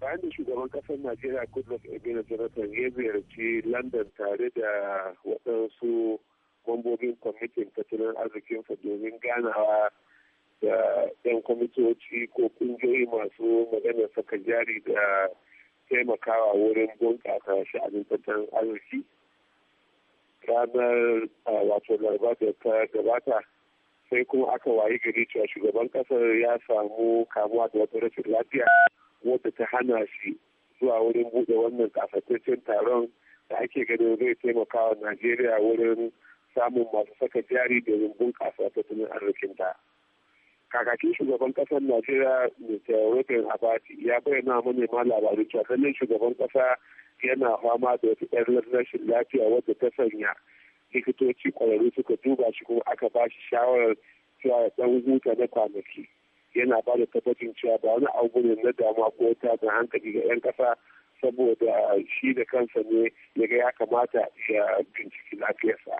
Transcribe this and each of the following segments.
bayan da shugaban kasar najeriya goodluck gina jonathan ya ziyarci london tare da waɗansu mambobin kwamitin tattalin arzikinsa domin ganawa da 'yan kwamitoci ko kungiyoyi masu maganar saka jari da taimakawa wurin bunƙasa sha'anin tattalin arziki ranar wato larba da ta gabata sai kuma aka wayi gari cewa shugaban kasar ya samu kamuwa da wata rashin lafiya wata ta hana shi zuwa wurin buɗe wannan kasataccen taron da ake ganin zai taimaka wa najeriya wurin samun masu saka jari domin bunƙasa tattalin arzikinta kakakin shugaban kasar najeriya mr robin abati ya bayyana manema labaru cewa sannan shugaban ƙasa yana fama da wata ƴar rashin lafiya wadda ta sanya likitoci ƙwararru suka duba shi kuma aka bashi shawarar cewa ya ɗan huta na kwanaki yana ba da tabbacin cewa ba wani abu ne na damuwa ko ta hankali ga 'yan kasa saboda shi da kansa ne ya ga ya kamata ya binciki lafiyarsa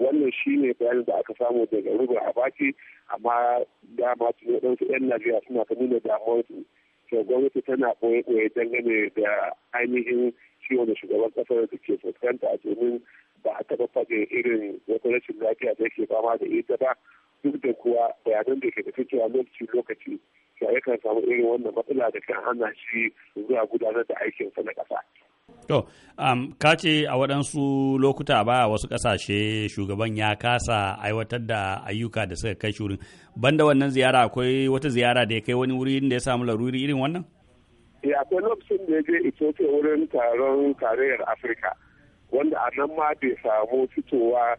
wannan shi ne bayanin da aka samu daga ruba a baki amma dama su ɗansu 'yan najeriya suna ta nuna damuwarsu to gwamnati tana ɓoye dangane da ainihin ciwon da shugaban kasar da ke fuskanta domin ba a taɓa faɗin irin wata rashin lafiya da yake fama da ita ba duk da kuwa bayanan da ke tafi cewa lokaci lokaci ya yakan samu irin wannan matsala da kan hana shi zuwa gudanar da aikinsa na kasa. To, ka ce a waɗansu lokuta ba wasu ƙasashe shugaban ya kasa aiwatar da ayyuka da suka kai shurin. Banda wannan ziyara akwai wata ziyara da ya kai wani wuri da ya samu laruri irin wannan? Ya eh, akwai lokacin da ya je Ethiopia wurin taron tarayyar Afirka, wanda a nan ma bai samu fitowa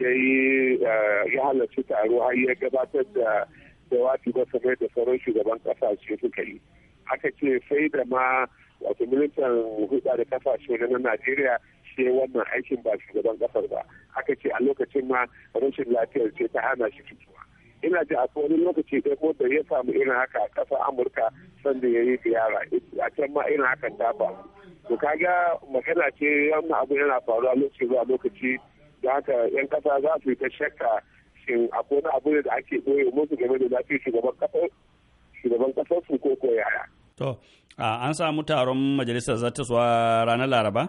ya yi eh, ya halarci taro har ya gabatar da jawabi ba kamar da sauran shugaban kasashe suka yi aka ce sai da ma wato militan hudu da kasashe na najeriya shi wannan aikin ba shugaban kasar ba aka ce a lokacin ma rashin lafiyar ce ta hana shi fitowa ina ji a wani lokaci ɗaya ko da ya samu irin haka a ƙasar amurka sanda ya yi ziyara a can ma irin hakan ta faru to kaga magana ce yamma abu yana faruwa lokaci zuwa lokaci da haka 'yan kasa za su yi ta shakka shin akwai wani abu da ake koyo musu game da zafi shugaban kasar shugaban kasar su ko ko yaya. To, an samu taron majalisar zartaswa ranar Laraba?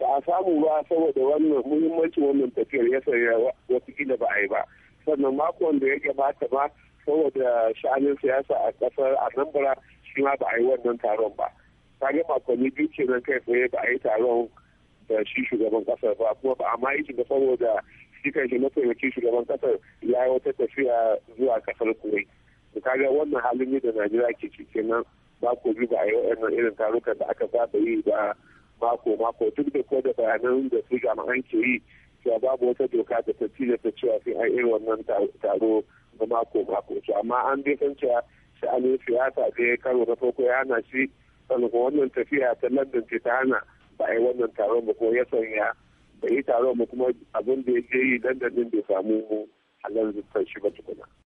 Ba a samu ba saboda wannan muhimmanci wannan tafiyar ya sanya wasu kila ba a yi ba. Sannan makon da ya gabata ba saboda sha'anin siyasa a kasar Anambra shi ma ba a yi wannan taron ba. Sage makonni biyu kenan kai tsaye ba a yi taron shi shugaban kasar ba kuma ba amma yi shiga saboda shi kan shi mataimakin shugaban kasar ya yi wata tafiya zuwa kasar kuwait to kaga wannan halin yi da najeriya ke ci kenan ba ko ba a yau irin tarukan da aka saba yi ba mako mako duk da kuwa da bayanan da su jami'an ke yi cewa babu wata doka da ta tilasta cewa sai an irin wannan taro na mako mako to amma an dai san cewa sha'anin siyasa da karo na farko ya hana shi sannan wannan tafiya ta london ce ta hana ba yi wannan taron ba ko ya sanya bai yi taron ba kuma abin da ya ke yi dandalin bai samu halar shi ba tukuna.